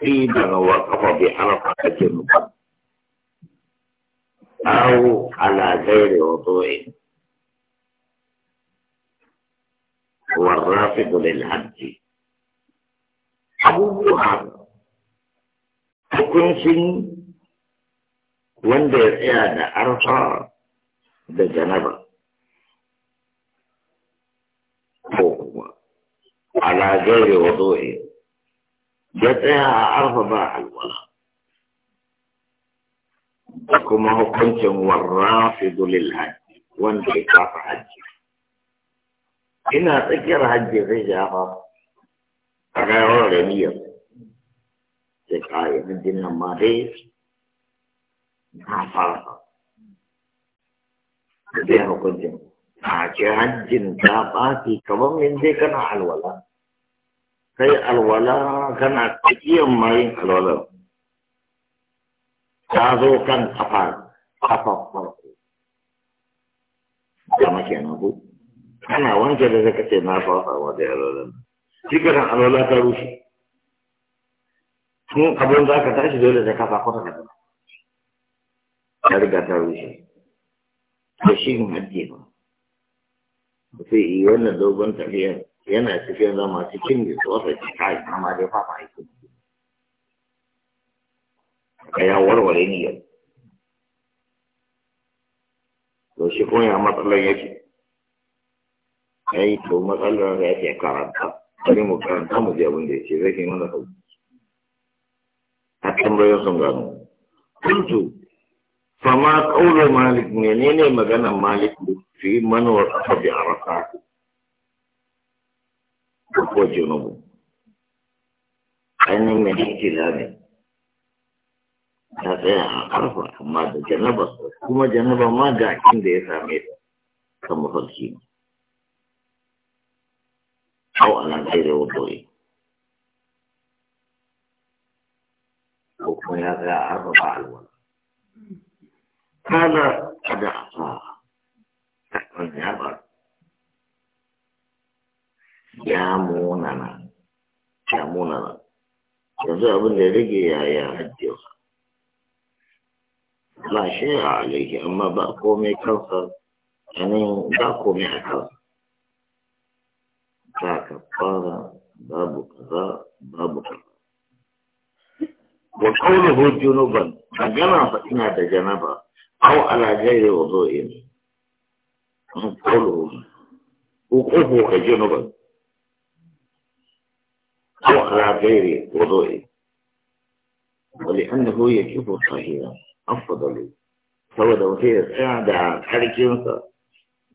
حين وقف بحركة المقدم أو على غير وضوء هو الرافض للهد أبو بحر تكون سن وندى إعادة أرفع بجنبه على غير وضوئه جتها عرف باع الولاء وكما هو كنت والرافض للحج وانتقاف حج إنا تكر حج في جافة أغير لنية تقاية من دين المريض ديس ما كنت حاجة حج تاقاتي كمان من ذي على الولاء kai alwala kana tsakiyar mayin alwalar ta zo kan kafa kafa farko da make na ku kana wanke da zaka ce na fasa wa da alwalar shikaran alwala ta rushe tun abin za ka tashi dole da kafa kwata da ta riga ta rushe da shi ne addini ba sai yi wannan dogon tafiyar yana cikin zama cikin da tsawar da kai amma dai fafa aiki ka ya warware ni yau to shi kuma ya matsalar yake ai to matsalar da yake karanta bari mu karanta mu je abin da yake zai kai mana sauki a tambayar sun gano kuntu fama kaulo malik menene maganar malik fi manuwar kafa bi a rasa ko junubu ainihin mai ikila ne ta tsaya a ƙarfa amma jẹnẹbà janaba kuma janaba ma ga akin da ya same ta kan mafarki ne hau a nan tsere wutori ko kuma ya tsaya a ƙarfa ba alwala kana da asa yanzu abin da ya rage yaya hajjiyarsa ba shi a alaiki amma ba komai kansa anin ba komai a kansa ta fara babu kaza babu kaza wa qawluhu junuban gana fa ina da janaba aw ala ghairi ko ka ji nuban. أخرى غير وضوئي ولأنه يجب صحيحا أفضل فوضع فيه ساعة دعا كاركيو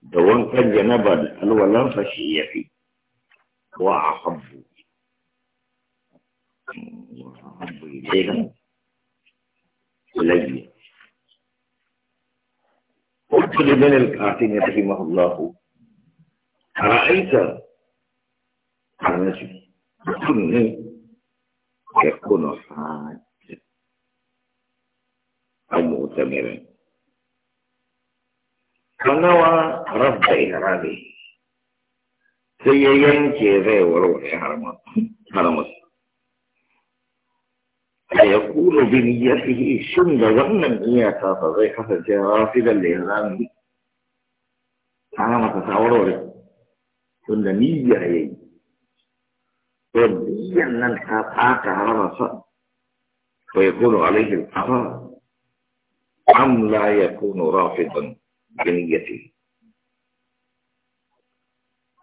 دوان كان جنبا ألو لا فشي يفي وأحب وأحب إليها إلي قلت لمن الكاتين يتهمه الله أرأيت أنا شفت mutum hm. ne ya kuna hajji a mutamirin fanawa rabda ihrabi sai ya yanke zai warware haramus a ya kuro bin ya fi shin da wannan iyaka sa zai kasance rafidan da ihrami ta masa ta warware tunda niyya ya yi والديا لن أتاك عرفا ويكون عليه القضاء أم لا يكون رافضا بنيته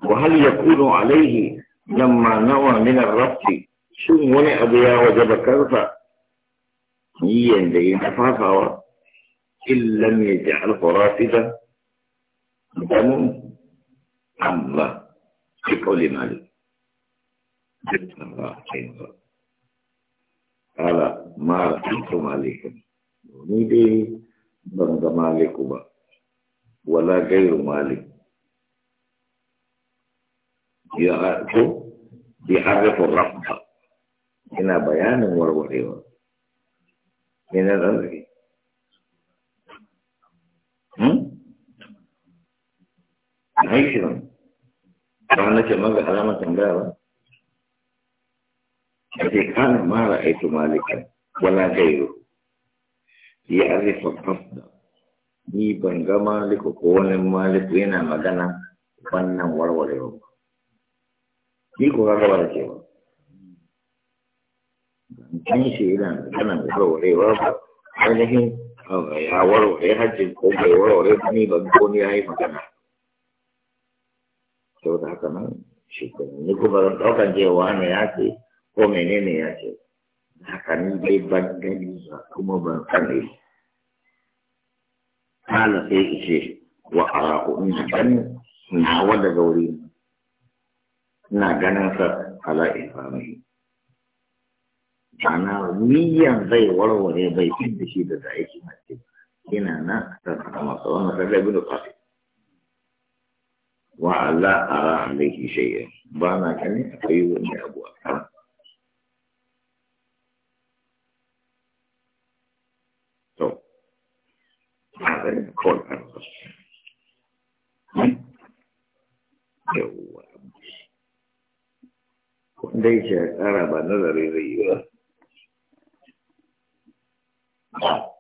وهل يكون عليه لما نوى من الرفض شو وني أبيا وجب كرفا نيا لين أفافا إن لم يجعله رافضا دم أم لا بقول مالك قال ما رأيت مالكا ونيدي بند مالك ولا غير مالك يعرف بحرف الرحمه هنا بيان وروريوه هنا هاي شنو كانت مغا علامة تنبيه الذي قال mara رأيت مالكا wala غيره يعرف القصد ni ban ga maliku ko wani maliku yana magana wannan warwarewa ni ko ga ba da cewa ban shi yana magana warwarewa ba ainihin eh, ya warware hajjin ko bai warware ni ban ko ni magana saboda haka nan shi ne ni kuma ban daukan cewa ko menene ya ce haka ni dai ban gani ba kuma ban sani kala sai ishe wa da ina ganin nawa daga wuri ina ganin sa ala ifami ana niyan zai warware bai fi da shi da aiki na ce ina na ta kama tsawon na da bin kafi wa ala ara alaihi shay'a ba na ganin kai wani abu a kan ɗaya kawai an yawwa wanda ya shekara ba nazari zai yi ba